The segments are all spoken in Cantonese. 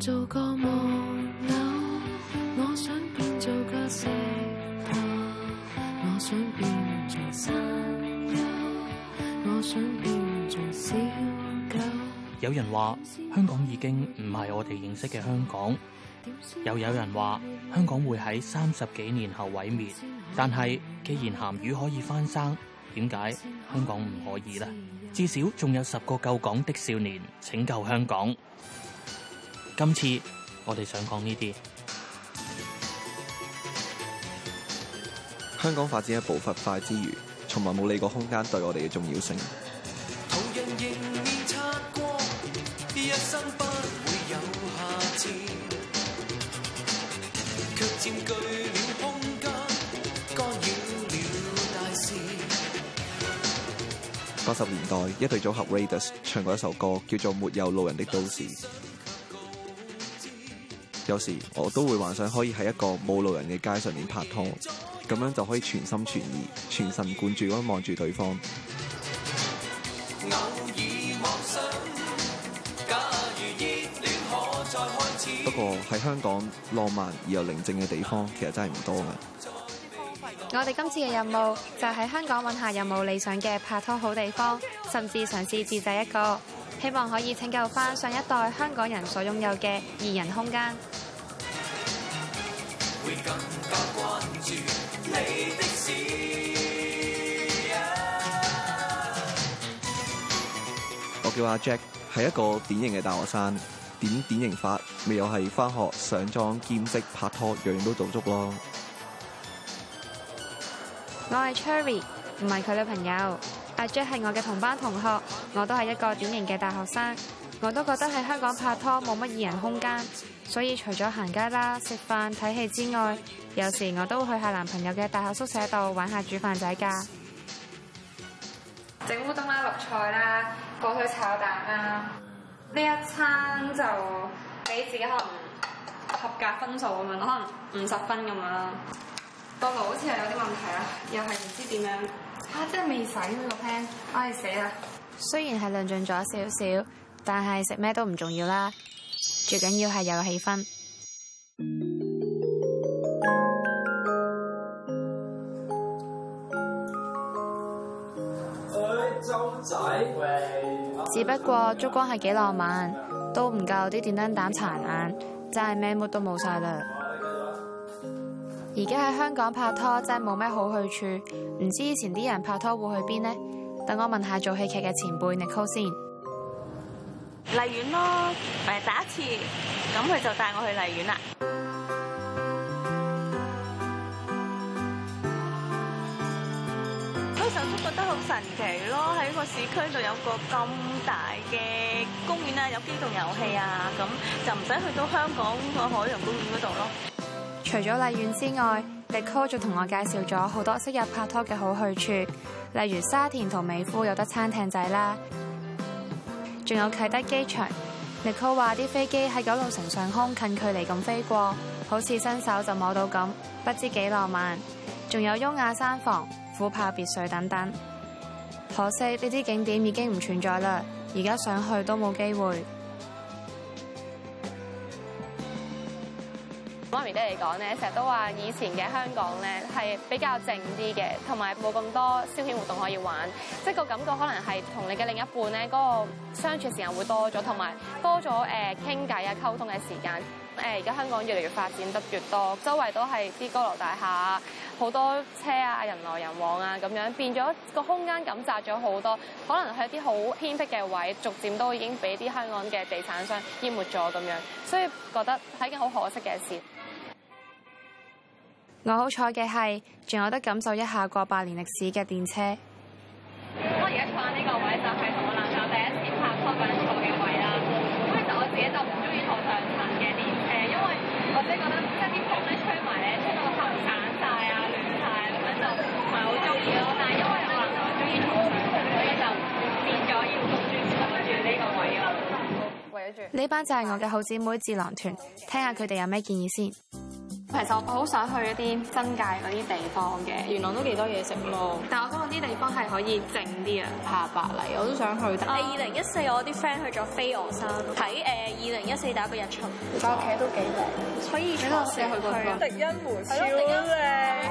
做個木偶，我想變做個石頭，我想變做山丘，我想變做小狗。有人話香港已經唔係我哋認識嘅香港，又有人話香港會喺三十幾年後毀滅。但係既然鹹魚可以翻生，點解香港唔可以呢？至少仲有十個救港的少年拯救香港。今次我哋想講呢啲，香港發展一步伐快之餘，從嚟冇理過空間對我哋嘅重要性。八十年代，一對組合 Raiders 唱過一首歌，叫做《沒有路人的都市》。有時我都會幻想可以喺一個冇路人嘅街上面拍拖，咁樣就可以全心全意、全神貫注咁望住對方。不過喺香港，浪漫而又寧靜嘅地方，其實真係唔多嘅。我哋今次嘅任務就係喺香港揾下有冇理想嘅拍拖好地方，甚至嘗試自製一個，希望可以拯救翻上上一代香港人所擁有嘅二人空間。我叫阿 Jack，係一個典型嘅大學生，點典型法？未有係返學、上莊、兼職、拍拖，樣樣都做足咯。我係 Cherry，唔係佢女朋友。阿 Jack 係我嘅同班同學，我都係一個典型嘅大學生。我都覺得喺香港拍拖冇乜二人空間，所以除咗行街啦、食飯睇戲之外，有時我都會去下男朋友嘅大學宿舍度玩下煮飯仔㗎，整烏冬啦、啊、綠菜啦、火腿炒蛋啦、啊。呢一餐就俾自己可能合格分數咁樣，可能五十分咁樣啦。個爐好似係有啲問題啦，又係唔知點樣。嚇、啊！真係未洗喎個 pan 唉，死啦！雖然係論盡咗少少。但係食咩都唔重要啦，最緊要係有氣氛。 只不過燭 光係幾浪漫， 都唔夠啲電燈膽殘眼，真係咩 mood 都冇晒啦。而家喺香港拍拖真係冇咩好去處，唔知以前啲人拍拖會去邊呢？等我問下做戲劇嘅前輩 Nico 先。荔園咯，誒，第一次，咁佢就帶我去荔園啦。嗰時候都覺得好神奇咯，喺個市區度有個咁大嘅公園啊，有機動遊戲啊，咁就唔使去到香港個海洋公園嗰度咯。除咗荔園之外，Dicco 仲同我介紹咗好多昔日拍拖嘅好去處，例如沙田同美孚有得餐廳仔啦。仲有啟德機場，尼克話啲飛機喺九龍城上空近距離咁飛過，好似伸手就摸到咁，不知幾浪漫。仲有雍雅山房、虎豹別墅等等，可惜呢啲景點已經唔存在啦，而家想去都冇機會。媽咪都嚟講咧，成日都話以前嘅香港咧係比較靜啲嘅，同埋冇咁多消遣活動可以玩，即係個感覺可能係同你嘅另一半咧嗰個相處時間會多咗，同埋多咗誒傾偈啊、溝通嘅時間。誒而家香港越嚟越發展得越多，周圍都係啲高樓大廈啊，好多車啊、人來人往啊咁樣，變咗個空間感窄咗好多。可能係一啲好偏僻嘅位，逐漸都已經俾啲香港嘅地產商淹沒咗咁樣，所以覺得係一件好可惜嘅事。我好彩嘅係，仲有得感受一下過百年歷史嘅電車。我而家坐呢個位就係同我男友第一次拍拖嘅坐嘅位啦。咁其實我自己就唔中意坐上層嘅電車，因為我自己覺得即係啲風咧吹埋咧吹，吹到個頭散晒啊、亂晒啊咁樣就唔係好中意咯。但係因為我男朋友中意坐上，所以就變咗要公轉坐住呢個位咯，圍喺住。呢班就係我嘅好姊妹智囊團，聽下佢哋有咩建議先。其實我好想去一啲新界嗰啲地方嘅，元朗都幾多嘢食咯。但係我,覺得我想去啲地方係可以靜啲啊，下白泥我都想去。誒，二零一四我啲 friend 去咗飛鵝山，喺誒二零一四第一個日出，喺屋企都幾靚，可以出市區。喺屋企去過、啊、去一次。迪茵門超靚，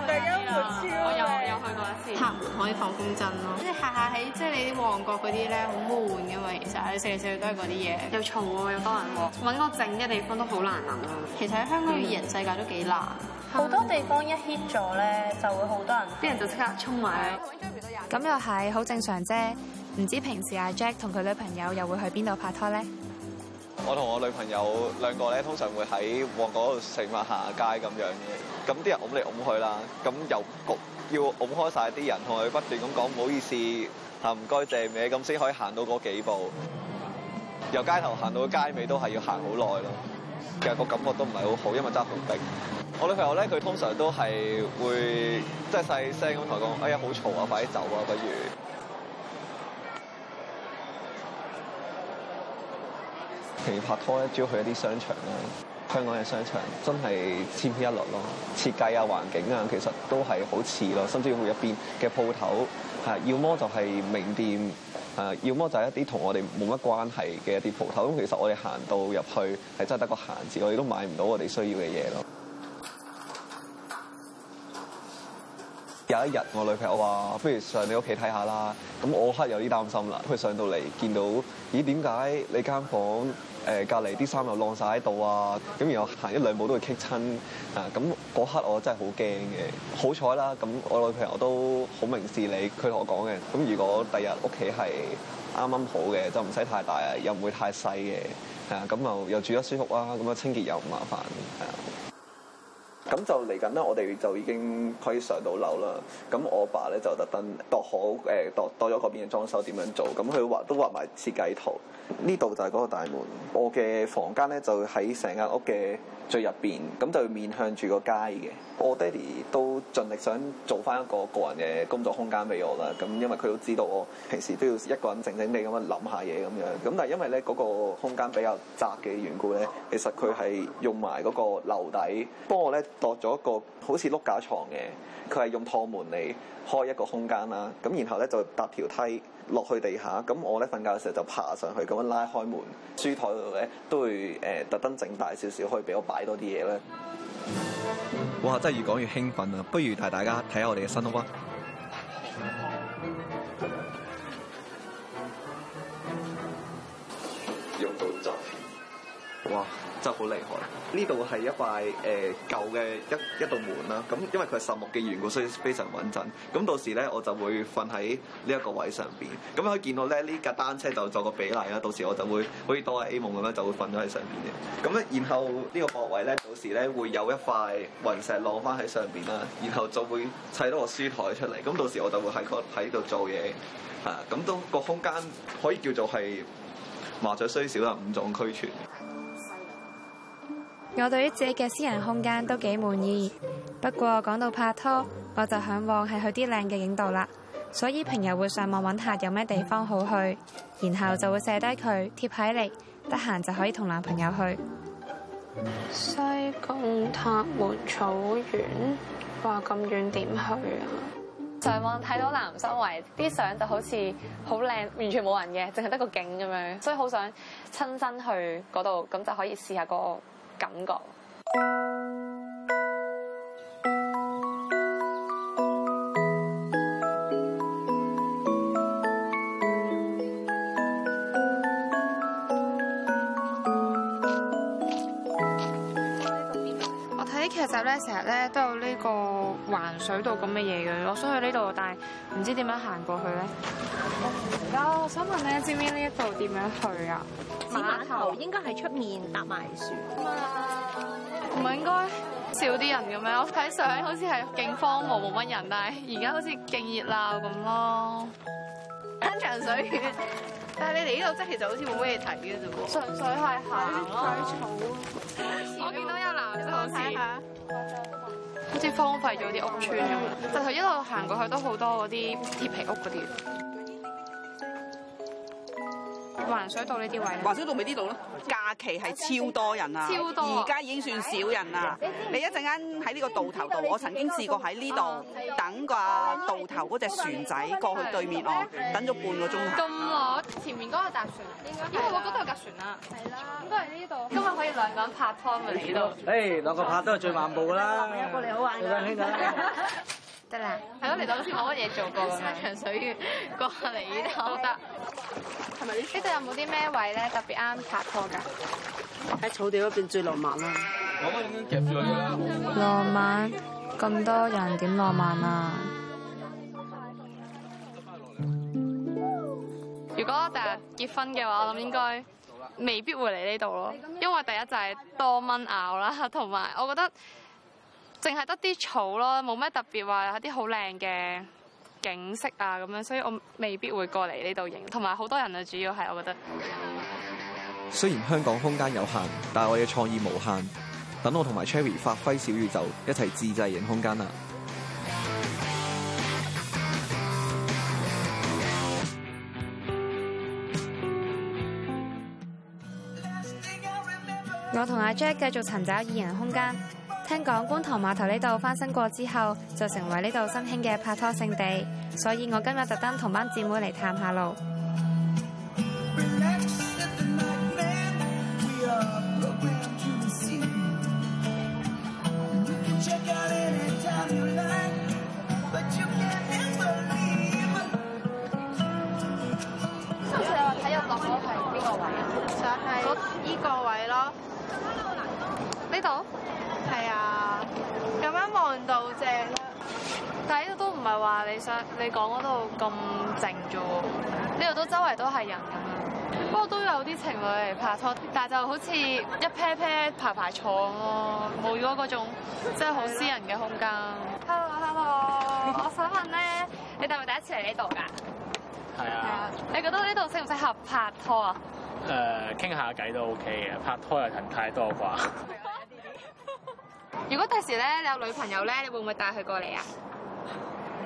迪茵門超我有、啊、我有去過一次。塔門可以放風箏咯、啊，即係下下喺即係你啲旺角嗰啲咧好悶噶嘛，其實你食嚟食去都係嗰啲嘢，又嘈啊又多人喎、啊，搵個靜嘅地方都好難諗啊。其實喺香港嘅、嗯、二人世界都幾。啦難，好多地方一 hit 咗咧，就會好多人，啲人就即刻衝埋去。咁又係，好 正常啫。唔知平時阿 Jack 同佢女朋友又會去邊度拍拖咧？我同我女朋友兩個咧，通常會喺旺角度食飯行下街咁樣嘅。咁啲人擁嚟擁去啦，咁又焗，要擁開曬啲人，同佢不斷咁講唔好意思，嚇唔該借尾咁先可以行到嗰幾步。由街頭行到街尾都係要行好耐咯。其實個感覺都唔係好好，因為揸好逼。我女朋友咧，佢通常都係會即係細聲咁同我講：哎呀，好嘈啊，快啲走啊，不如。平時拍拖咧，主要去一啲商場啦。香港嘅商場真係千篇一律咯，設計啊、環境啊，其實都係好似咯。甚至乎入邊嘅鋪頭，係，要麼就係名店。誒，要麼就係一啲同我哋冇乜關係嘅一啲鋪頭，咁其實我哋行到入去係真係得個閒字，我哋都買唔到我哋需要嘅嘢咯。 有一日我女朋友話：不如上你屋企睇下啦。咁我刻有啲擔心啦，佢上到嚟見到，咦？點解你間房？誒，隔離啲衫又晾晒喺度啊，咁然後行一兩步都會棘親，啊，咁嗰刻我真係好驚嘅。好彩啦，咁我女朋友都好明事理。佢同我講嘅。咁如果第日屋企係啱啱好嘅，就唔使太大啊，又唔會太細嘅，係啊，咁又又住得舒服啊，咁樣清潔又唔麻煩，係啊。咁就嚟緊咧，我哋就已經可以上到樓啦。咁我爸咧就特登度好誒度度咗嗰邊嘅裝修點樣做。咁佢畫都畫埋設計圖。呢度就係嗰個大門。我嘅房間咧就喺成間屋嘅最入邊，咁就面向住個街嘅。我爹哋都盡力想做翻一個個人嘅工作空間俾我啦。咁因為佢都知道我平時都要一個人靜靜地咁樣諗下嘢咁樣。咁但係因為咧嗰個空間比較窄嘅緣故咧，其實佢係用埋嗰個樓底幫我咧。度咗個好似碌架床嘅，佢係用趟門嚟開一個空間啦。咁然後咧就搭條梯落去地下。咁我咧瞓覺嘅時候就爬上去，咁樣拉開門。書枱度咧都會誒、呃、特登整大少少，可以俾我擺多啲嘢咧。哇！真係越講越興奮啊！不如帶大家睇下我哋嘅新屋啊！得好厲害！呢度係一塊誒、呃、舊嘅一一道門啦。咁因為佢係實木嘅緣故，所以非常穩陣。咁到時咧，我就會瞓喺呢一個位上邊。咁可以見到咧，呢架單車就作個比例啦。到時我就會好似哆啦 A 夢咁樣，就會瞓咗喺上邊嘅。咁咧，然後個圍呢個駁位咧，到時咧會有一塊雲石落翻喺上邊啦。然後就會砌到個書枱出嚟。咁到時我就會喺喺度做嘢啊。咁都個空間可以叫做係麻雀雖小啦，五臟俱全。我對於自己嘅私人空間都幾滿意，不過講到拍拖，我就嚮往係去啲靚嘅影度啦。所以平日會上網揾下有咩地方好去，然後就會寫低佢貼喺嚟，得閒就可以同男朋友去。西貢塔門草原話咁遠點去啊？上網睇到南生圍啲相就好似好靚，完全冇人嘅，淨係得個景咁樣，所以好想親身去嗰度，咁就可以試下個感覺。咧成日咧都有呢個環水道咁嘅嘢嘅，我想去呢度，但係唔知點樣行過去咧。而家，我想問咧，知唔知呢一度點樣去啊？碼頭應該喺出面搭埋船。唔係、嗯、應該少啲人嘅咩？我睇相好似係勁荒蕪冇乜人，但係而家好似勁熱鬧咁咯。山長水遠，但係你哋呢度即係其實好似冇乜嘢睇嘅啫噃。純粹係行草、啊。荒廢咗啲屋村咁，但係一路行過去都好多嗰啲鐵皮屋嗰啲。環水道呢啲位，環水道咪呢度咯，假期係超多人啊，超多，而家已經算少人啦。你一陣間喺呢個渡頭度，我曾經試過喺呢度等個渡頭嗰隻船仔過去對面哦，等咗半個鐘頭。咁耐，前面嗰個搭船，應該係，因為我嗰度有架船啦，係啦，都係呢度。今日可以兩個人拍拖咪嚟度？誒兩個拍都係最漫步噶啦，一個嚟好玩嘅。得啦，係咯，嚟、嗯、到好似冇乜嘢做過咁啊！ 山長水遠過嚟呢度，我覺得係咪呢？呢度有冇啲咩位咧特別啱拍拖噶？喺草地嗰邊最浪漫啦！浪漫咁多人點浪漫啊？如果我第日結婚嘅話，我諗應該未必會嚟呢度咯，因為第一就係、是、多蚊咬啦，同埋我覺得。淨係得啲草咯，冇咩特別話有啲好靚嘅景色啊咁樣，所以我未必會過嚟呢度影。同埋好多人啊，主要係我覺得。雖然香港空間有限，但係我嘅創意無限。等我同埋 Cherrie 發揮小宇宙，一齊自製影空間啦！我同阿 Jack 繼續尋找二人空間。聽講觀塘碼頭呢度翻新過之後，就成為呢度新興嘅拍拖勝地，所以我今日特登同班姊妹嚟探下路。唔係話你想你講嗰度咁靜咗。呢度都周圍都係人，不過都有啲情侶嚟拍拖，但係就好似一 pair pair 排排坐咯，冇咗嗰種即係好私人嘅空間。的 hello Hello，我想問咧，你係咪第一次嚟呢度㗎？係啊的。你覺得呢度適唔適合拍拖啊？誒、呃，傾下偈都 OK 嘅，拍拖又太多啩。 如果第時咧你有女朋友咧，你會唔會帶佢過嚟啊？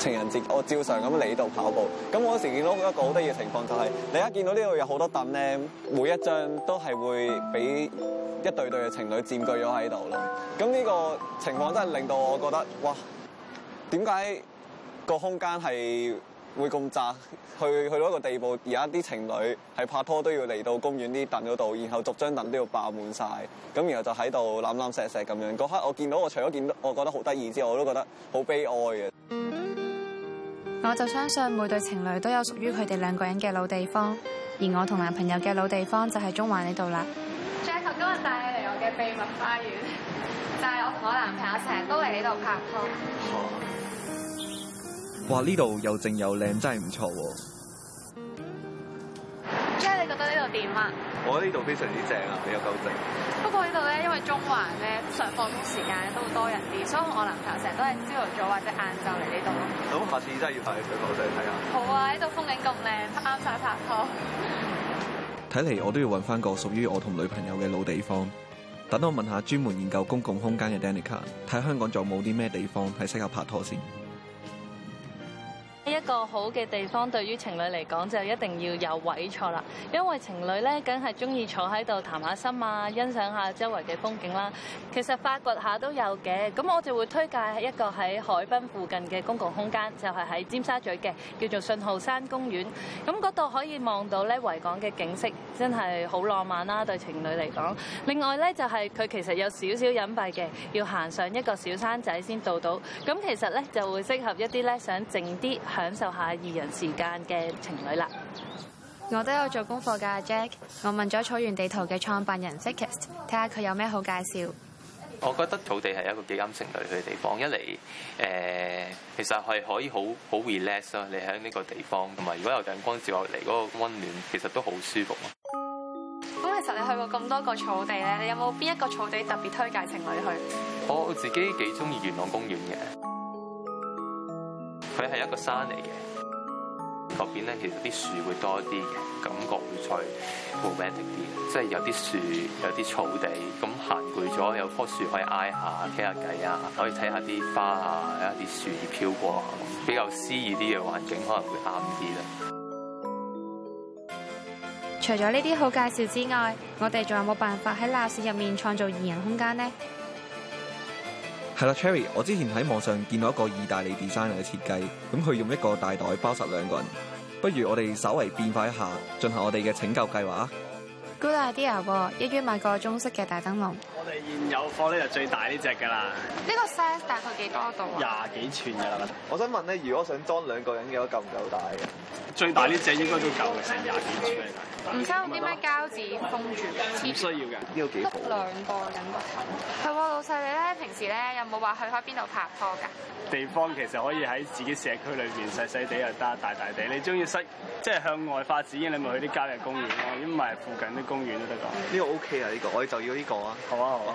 情人節，我照常咁嚟度跑步。咁我嗰時見到一個好得意嘅情況，就係，就係你一見到呢度有好多凳咧，每一張都係會俾一對對嘅情侶佔據咗喺度咯。咁呢個情況真係令到我覺得，哇！點解個空間係會咁窄？去去到一個地步，而家啲情侶係拍拖都要嚟到公園啲凳嗰度，然後逐張凳都要霸滿晒。咁然後就喺度攬攬錫錫咁樣。嗰刻我見到我除咗見到，我覺得好得意之外，我都覺得好悲哀嘅。我就相信每對情侶都有屬於佢哋兩個人嘅老地方，而我同男朋友嘅老地方就係中環呢度啦。最 a 今日帶你嚟我嘅秘密花園，就係我同我男朋友成日都嚟呢度拍拖。啊、哇，呢度又靜又靚，真係唔錯喎。點啊！我呢度非常之正啊，比較夠靜。不過呢度咧，因為中環咧上放工時間都會多人啲，所以我男朋友成日都係朝頭早或者晏晝嚟呢度咯。咁、嗯、下次真係要帶女朋友仔睇下。好啊，呢度風景咁靚，啱晒拍拖。睇 嚟我都要揾翻個屬於我同女朋友嘅老地方。等我問下專門研究公共空間嘅 Danica 睇下香港仲有冇啲咩地方係適合拍拖先。一個好嘅地方對於情侶嚟講就一定要有位坐啦，因為情侶咧梗係中意坐喺度談下心啊，欣賞下周圍嘅風景啦。其實發掘下都有嘅，咁我就會推介一個喺海濱附近嘅公共空間，就係喺尖沙咀嘅叫做信號山公園。咁嗰度可以望到咧維港嘅景色，真係好浪漫啦對情侶嚟講。另外咧就係佢其實有少少隱蔽嘅，要行上一個小山仔先到到。咁其實咧就會適合一啲咧想靜啲享。感受下二人時間嘅情侶啦！我都有做功課㗎，Jack。我問咗草原地圖嘅創辦人 Saket，睇下佢有咩好介紹。我覺得草地係一個幾啱情侶去嘅地方，一嚟誒、呃、其實係可以好好 relax 咯。你喺呢個地方，同埋如果有陽光照落嚟嗰個溫暖，其實都好舒服。咁其實你去過咁多個草地咧，你有冇邊一個草地特別推介情侶去？我自己幾中意元朗公園嘅。佢係一個山嚟嘅，嗰邊咧其實啲樹會多啲嘅，感覺會再 romantic 啲，即係有啲樹，有啲草地，咁行攰咗，有棵樹可以挨下，傾下偈啊，可以睇下啲花啊，睇下一啲樹葉飄過，比較詩意啲嘅環境可能會啱啲啦。除咗呢啲好介紹之外，我哋仲有冇辦法喺鬧市入面創造二人空間呢？係啦，Cherry，我之前喺網上見到一個意大利 designer 嘅設計，咁佢用一個大袋包實兩個人，不如我哋稍為變化一下，進行我哋嘅拯救計劃。Good idea，一於買個中式嘅大燈籠。我哋現有貨咧就最大呢隻㗎啦。呢個 size 大概幾多度啊？廿幾寸㗎啦，我想問咧，如果想裝兩個人嘅話夠唔夠大嘅？最大呢隻應該都夠嘅，成廿幾寸。唔需要啲咩膠紙封住？唔需要嘅，呢個幾好。築兩個人嘅咧有冇話去開邊度拍拖噶？地方其實可以喺自己社區裏邊細細地又得，大大地你中意出即係向外發展，你咪去啲郊野公園咯，因為附近啲公園都得噶。呢、嗯、個 OK 啊，呢、這個我要就要呢個啊。好啊，好啊。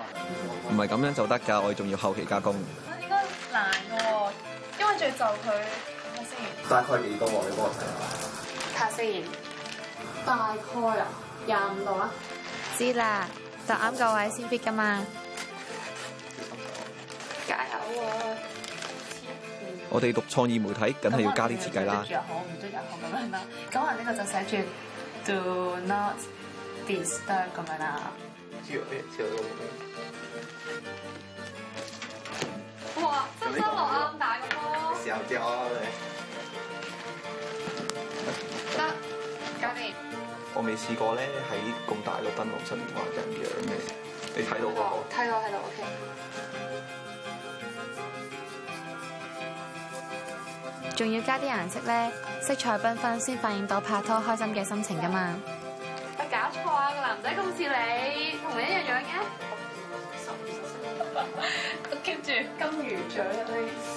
唔係咁樣就得噶，我哋仲要後期加工。啊，應該難噶，因為最就佢睇下先。大概幾多？你幫我睇下。睇下先，大概啊廿五度啊。知啦，就啱個位先 fit 噶嘛。啊、我哋讀創意媒體，梗係要加啲設計啦。好唔好咁樣啦。咁我呢個就寫住 Do not disturb 咁樣啦。照啊！照啊！哇！燈光咁大嘅喎。時候啲我嚟我未試過咧，喺咁大個燈光上面畫人樣嘅，你睇到睇到，睇到，OK。仲要加啲顏色咧，色彩繽紛先反映到拍拖開心嘅心情噶嘛！唔搞錯啊，個男仔咁似你，同你一樣樣嘅。我 keep 住金魚嘴。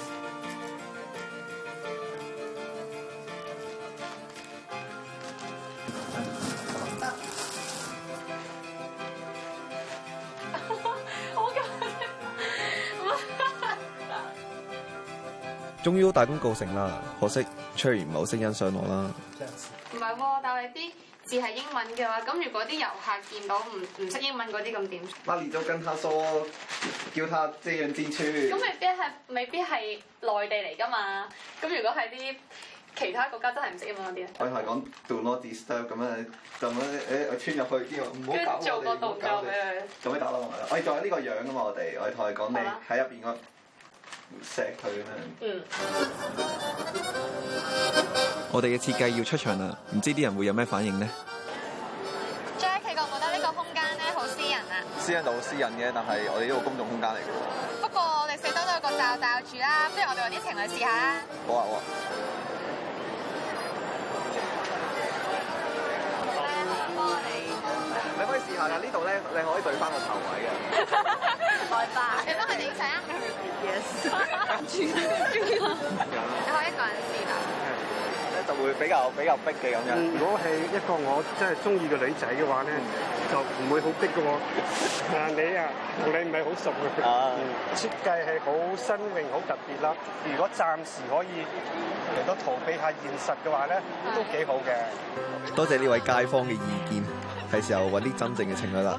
終於大功告成啦！可惜出嚟唔好冇聲音上落啦。唔係喎，但係啲字係英文嘅話，咁如果啲遊客見到唔唔識英文嗰啲，咁點？媽你都跟佢講，叫佢這樣接住。咁未必係未必係內地嚟㗎嘛？咁如果係啲其他國家真係唔識英文嗰啲，我同佢講 do not disturb 咁樣，就咁誒穿入去，跟住做個動作俾佢。做咩打攏我？我仲有呢個樣㗎嘛？我哋我同佢講，你喺入邊錫佢嗯。我哋嘅設計要出場啦，唔知啲人會有咩反應呢？Jack 我覺得呢個空間咧好私人啊。私人度好私人嘅，但係我哋呢個公眾空間嚟嘅。不過我哋四周都有個罩罩住啦，不如我哋有啲情侶嚟試下啊！好啊，好啊。我幫你可以試下噶，呢度咧你可以對翻個頭位嘅。 害怕， 你都去影相啊？ 你去拍攝，單傳。你可以一個人試啦。係，咧就會比較比較迫嘅咁樣。嗯，如果係一個我真係中意嘅女仔嘅話咧，就唔會好迫嘅喎、啊。嗱， 你啊，同你唔係好熟嘅。啊、uh，huh. 設計係好新穎、好特別啦。如果暫時可以嚟到逃避下現實嘅話咧，都幾好嘅。 多謝呢位街坊嘅意見，係時候揾啲真正嘅情侶啦。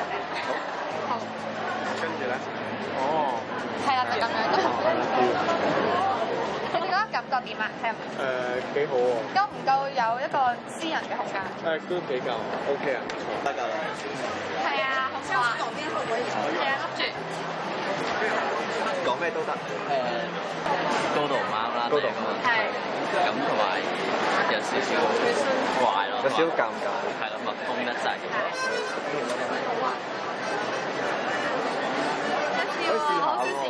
好跟住咧，哦，係啊，就咁樣咯。咁你覺得感覺點啊？係啊，誒幾好喎。夠唔夠有一個私人嘅空間？誒都比較 OK 啊，唔錯得㗎啦。係啊，好啊。旁邊可以，係啊，得㗎。講咩都得，誒多到唔啱啦，係咁，同埋 的有少少怪咯，嗯、有少少尷尬，係咯，咪瘋得滯。好笑啊！好笑。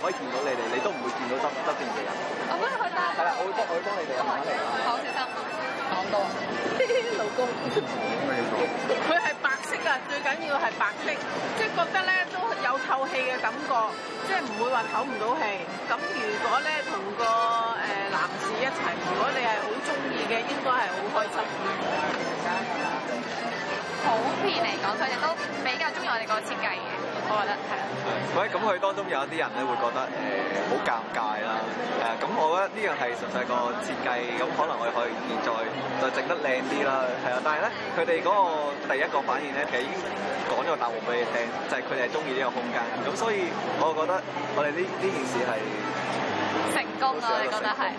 可以見到你哋，你都唔會見到側側邊嘅人。哦嗯嗯、我非常開心。係啦，我會幫我會幫你哋。我開心。好小心，講多 老公。咩老公？佢係白色啊，最緊要係白色，即係覺得咧都有透氣嘅感覺，即係唔會話透唔到氣。咁如果咧同個誒男士一齊，如果你係好中意嘅，應該係好開心。普遍嚟講，佢哋都比較中意我哋個設計嘅。我覺得喂，咁佢、嗯、當中有一啲人咧會覺得誒好尷尬啦，誒、嗯、咁我覺得呢樣係實細個設計，咁、嗯嗯、可能我哋可以現在就整得靚啲啦，係、嗯、啊，但係咧佢哋嗰個第一個反應咧，佢已經講咗答案俾你聽，就係佢哋係中意呢個空間，咁所以我覺得我哋呢呢件事係成功咯、啊，我覺得係。